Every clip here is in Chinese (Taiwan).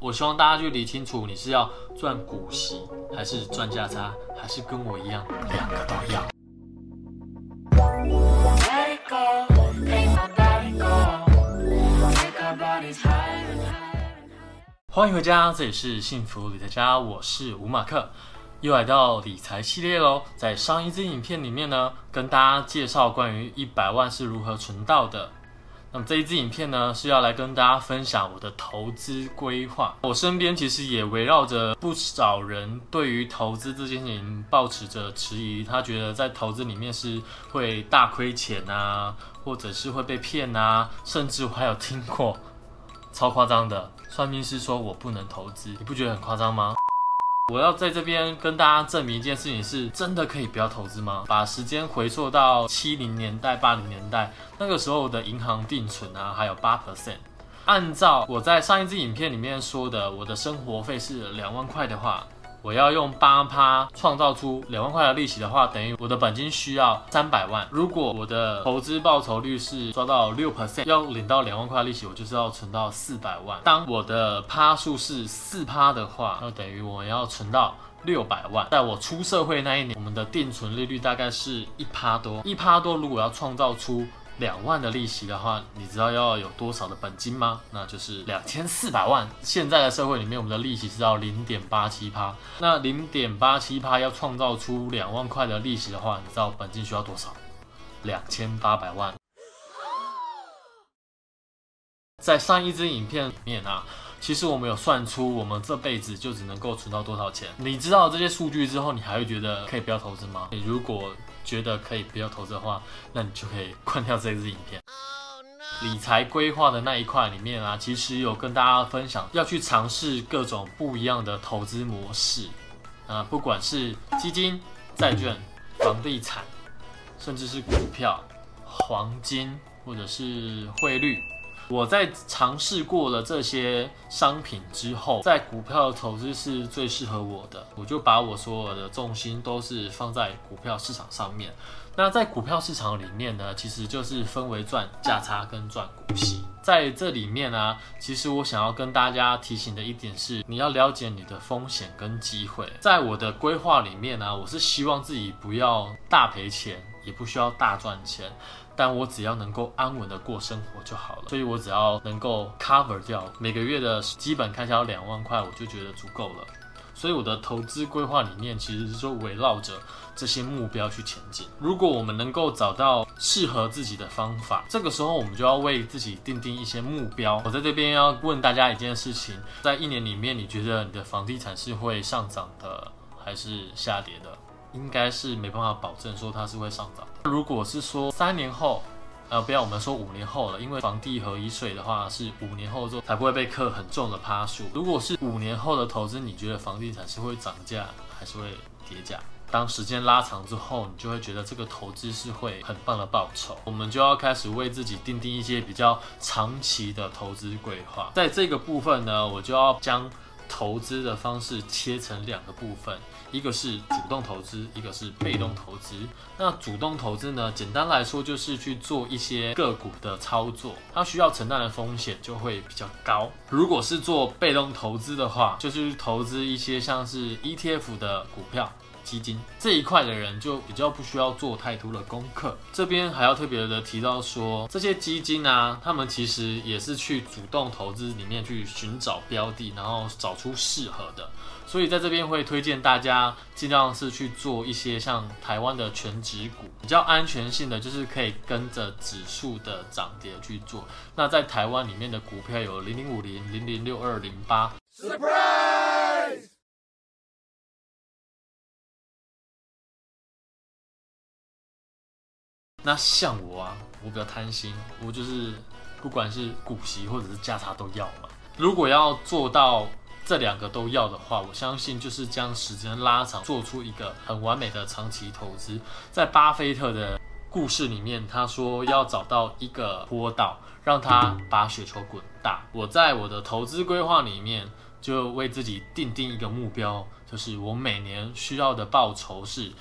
我希望大家去理清楚，你是要賺股息，還是賺價差，還是跟我一樣，兩個都要。歡迎回家，這裡是幸福理財家，我是吳馬克。又來到理財系列嘍。在上一支影片裡面呢，跟大家介紹關於一百萬是如何存到的。這一支影片呢，是要來跟大家分享我的投資規劃。我身邊其實也圍繞着不少人對於投資這件事情抱持着遲疑，他覺得在投資裡面是會大虧錢啊，或者是會被騙啊，甚至我還有聽過超誇張的算命師說我不能投資，你不覺得很誇張嗎？我要在這邊跟大家證明一件事情：是真的可以不要投資嗎？把時間回溯到七零年代、八零年代，那個時候的銀行定存啊，還有8%。按照我在上一支影片裡面說的，我的生活費是兩萬塊的話。我要用八趴創造出兩萬塊的利息的話，等於我的本金需要三百萬。如果我的投資報酬率是抓到六趴，要領到兩萬塊的利息，我就是要存到四百萬。當我的趴數是四趴的話，那等於我要存到六百萬。在我出社會那一年，我們的定存利率大概是一趴多，一趴多。如果要創造出兩萬的利息的話，你知道要有多少的本金嗎？那就是兩千四百萬。現在的社會裡面，我們的利息是到零點八七趴。那零點八七趴要創造出兩萬塊的利息的話，你知道本金需要多少？兩千八百萬。在上一支影片裡面啊。其實我們有算出我們這輩子就只能夠存到多少錢。你知道這些數據之後，你還會覺得可以不要投資嗎？你如果覺得可以不要投資的話，那你就可以關掉這支影片。理財規劃的那一塊裡面啊，其實有跟大家分享要去嘗試各種不一樣的投資模式啊，不管是基金、債券、房地產，甚至是股票、黃金或者是匯率。我在嘗試過了這些商品之後，在股票的投資是最適合我的，我就把我所有的重心都是放在股票市場上面。那在股票市場裡面呢，其實就是分為賺價差跟賺股息。在這裡面呢、啊，其實我想要跟大家提醒的一點是，你要了解你的風險跟機會。在我的規劃裡面呢、啊，我是希望自己不要大賠錢。也不需要大賺錢，但我只要能夠安穩的過生活就好了。所以，我只要能夠 cover 掉每個月的基本開銷兩萬塊，我就覺得足夠了。所以，我的投資規劃理念其實是說圍繞着這些目標去前進。如果我們能夠找到適合自己的方法，這個時候我們就要為自己訂定一些目標。我在這邊要問大家一件事情：在一年裡面，你覺得你的房地產是會上漲的還是下跌的？應該是沒辦法保證說它是會上漲的。如果是說三年後，呃，不要我們說五年後了，因為房地合一稅的話是五年後之後才不會被課很重的趴數。如果是五年後的投資，你覺得房地產是會漲價還是會跌價？當時間拉長之後，你就會覺得這個投資是會很棒的報酬。我們就要開始為自己訂定一些比較長期的投資規劃。在這個部分呢，我就要將。投資的方式切成兩個部分，一個是主動投資，一個是被動投資。那主動投資呢？簡單來說就是去做一些個股的操作，它需要承擔的風險就會比較高。如果是做被動投資的話，就是投資一些像是 ETF 的股票。基金這一塊的人就比較不需要做太多的功課。這邊還要特別的提到說，這些基金啊，他們其實也是去主動投資裡面去尋找標的，然後找出適合的。所以在這邊會推薦大家盡量是去做一些像台灣的全指股，比較安全性的就是可以跟着指數的漲跌去做。那在台灣裡面的股票有零零五零、零零六二零八。那像我啊，我比較貪心，我就是不管是股息或者是價差都要嘛。如果要做到這兩個都要的話，我相信就是將時間拉長，做出一個很完美的長期投資。在巴菲特的故事裡面，他說要找到一個坡道，讓他把雪球滾大。我在我的投資規劃裡面，就為自己訂定一個目標，就是我每年需要的報酬是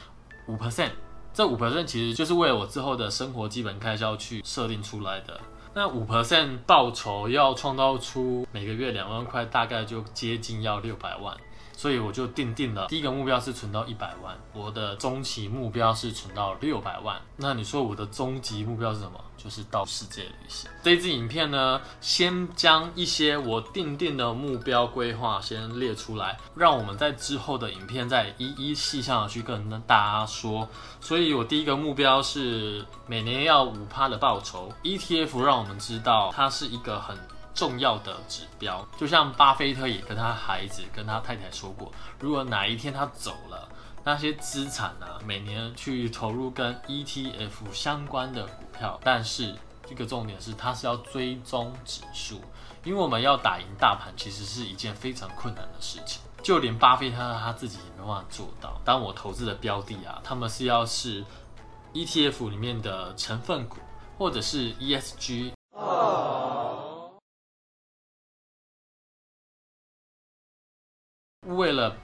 五 percent。這五 percent 其實就是為了我之後的生活基本開銷去設定出來的。那五 percent 報酬要創造出每個月兩萬塊，大概就接近要六百萬。所以我就定定了，第一個目標是存到一百萬，我的中期目標是存到六百萬。那你說我的終極目標是什麼？就是到世界旅行。這一支影片呢，先將一些我定定的目標規劃先列出來，讓我們在之後的影片再一一細項的去跟大家說。所以，我第一個目標是每年要五趴的報酬。ETF 讓我們知道它是一個很。重要的指標，就像巴菲特也跟他孩子、跟他太太說過，如果哪一天他走了，那些資產呢、啊，每年去投入跟 ETF 相關的股票。但是一個重點是，他是要追蹤指數，因為我們要打贏大盤，其實是一件非常困難的事情，就連巴菲特他自己也沒辦法做到。當我投資的標的啊，他們是要是 ETF 裡面的成分股，或者是 ESG。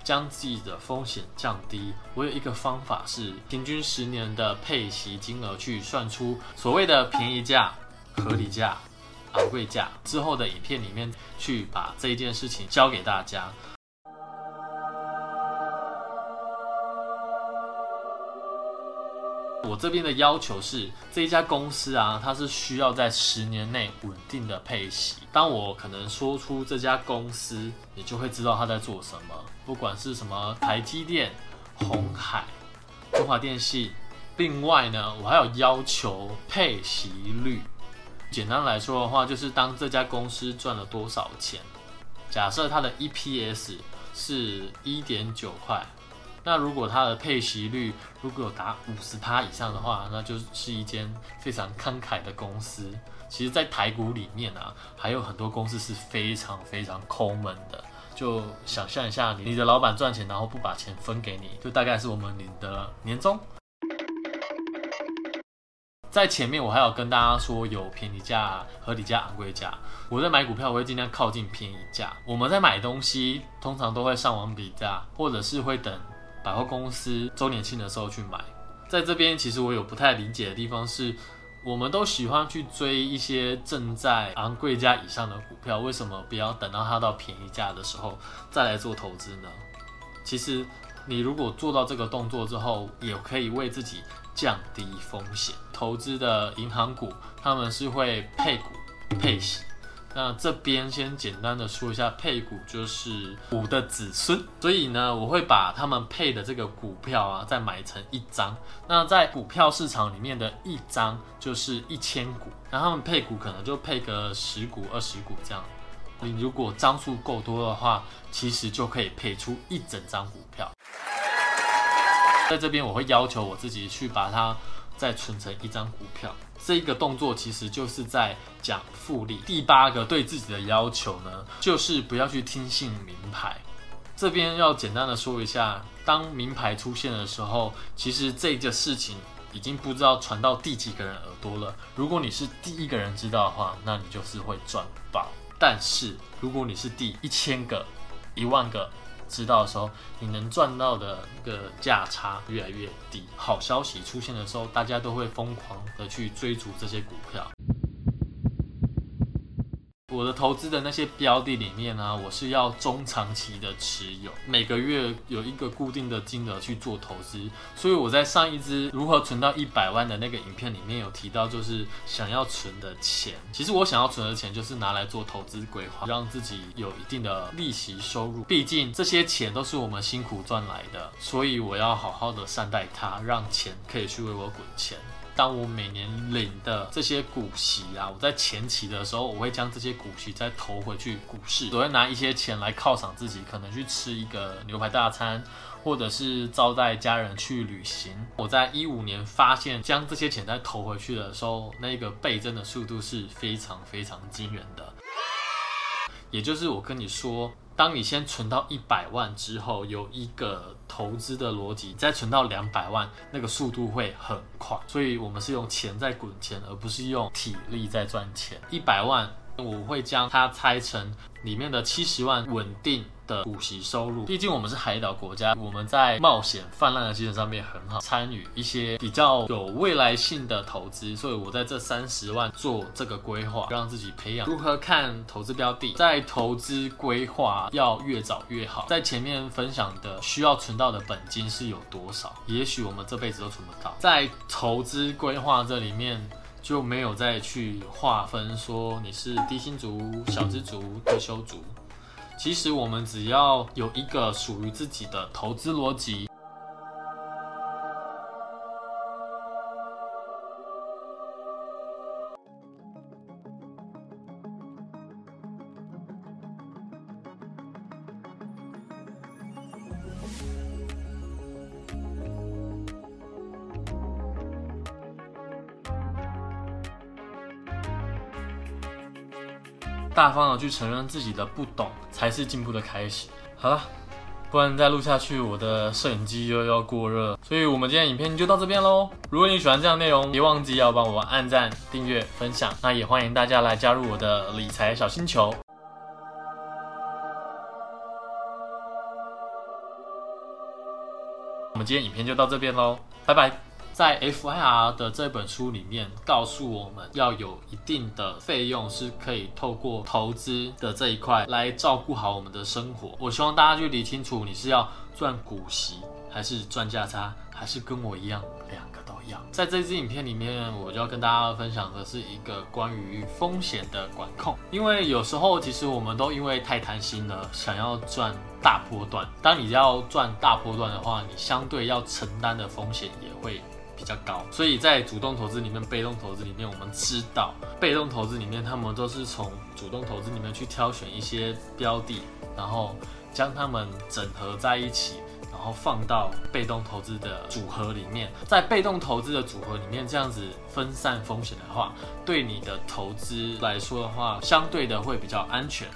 將自己的風險降低。我有一個方法是，平均十年的配息金額去算出所謂的便宜價、合理價、昂貴價。之後的影片裡面去把這一件事情教給大家。我這邊的要求是，這一家公司啊，它是需要在十年內穩定的配息。當我可能說出這家公司，你就會知道它在做什麼。不管是什麼，台積電、鴻海、中華電信。另外呢，我還有要求配息率。簡單來說的話，就是當這家公司賺了多少錢，假設它的 EPS 是一點九塊。那如果它的配息率如果有達五十趴以上的話，那就是一間非常慷慨的公司。其實，在台股裡面啊，還有很多公司是非常非常摳門的。就想象一下，你的老板賺錢，然後不把錢分給你，就大概是我們領的年終。在前面，我還有跟大家說，有便宜價、合理價、昂貴價。我在買股票，我會盡量靠近便宜價。我們在買東西，通常都會上網比價，或者是會等百貨公司周年慶的時候去買，在這邊其實我有不太理解的地方是，我們都喜歡去追一些正在昂貴價以上的股票，為什麼不要等到它到便宜價的時候再來做投資呢？其實你如果做到這個動作之後，也可以為自己降低風險。投資的銀行股，他們是會配股配息。那這邊先簡單的說一下配股，就是股的子孫。所以呢，我會把他們配的這個股票啊，再買成一張。那在股票市場裡面的一張就是一千股，然後他們配股可能就配個十股、二十股這樣。你如果張數夠多的話，其實就可以配出一整張股票。在這邊我會要求我自己去把它。再存成一張股票，這個動作其實就是在講複利。第八個對自己的要求呢，就是不要去聽信明牌。這邊要簡單的說一下，當明牌出現的時候，其實這個事情已經不知道傳到第幾個人耳朵了。如果你是第一個人知道的話，那你就是會賺爆；但是如果你是第一千個、一萬個，知道的時候，你能賺到的一個價差越來越低。好消息出現的時候，大家都會瘋狂的去追逐這些股票。我的投資的那些標的裡面呢，我是要中長期的持有，每個月有一個固定的金額去做投資。所以我在上一支如何存到一百萬的那個影片裡面有提到，就是想要存的錢。其實我想要存的錢就是拿來做投資規劃，讓自己有一定的利息收入。畢竟這些錢都是我們辛苦賺來的，所以我要好好的善待它，讓錢可以去為我滾錢。當我每年領的這些股息啊，我在前期的時候，我會將這些股息再投回去股市。我會拿一些錢來犒賞自己，可能去吃一個牛排大餐，或者是招待家人去旅行。我在一五年發現，將這些錢再投回去的時候，那個倍增的速度是非常非常驚人的。也就是我跟你說。當你先存到一百萬之後，有一個投資的邏輯，再存到兩百萬，那個速度會很快。所以我們是用錢在滾錢，而不是用體力在賺錢。一百萬，我會將它拆成。裡面的七十萬穩定的股息收入，畢竟我們是海島國家，我們在冒險泛濫的基礎上面，很好參與一些比較有未來性的投資，所以我在這三十萬做這個規劃，讓自己培養如何看投資標的，在投資規劃要越早越好。在前面分享的需要存到的本金是有多少，也許我們這輩子都存不到。在投資規劃這裡面。就沒有再去劃分說你是低薪族、小資族、退休族。其實我們只要有一個屬於自己的投資邏輯。大方的去承認自己的不懂，才是進步的開始。好了，不然再錄下去，我的攝影機又要過熱。所以，我們今天影片就到這邊嘍。如果你喜歡這樣的內容，別忘記要幫我按讚、訂閱、分享。那也歡迎大家來加入我的理財小星球。我們今天影片就到這邊嘍，拜拜。在 FIR 的這本書裡面告訴我們，要有一定的費用是可以透過投資的這一塊來照顧好我們的生活。我希望大家就理清楚，你是要賺股息，還是賺價差，還是跟我一樣兩個都要。在這支影片裡面，我就要跟大家分享的是一個關於風險的管控，因為有時候其實我們都因為太貪心了，想要賺大波段。當你要賺大波段的話，你相對要承擔的風險也會比較高，所以在主動投資裡面，被動投資裡面，我們知道被動投資裡面，他們都是從主動投資裡面去挑選一些標的，然後將它們整合在一起，然後放到被動投資的組合裡面。在被動投資的組合裡面，這樣子分散風險的話，對你的投資來說的話，相對的會比較安全。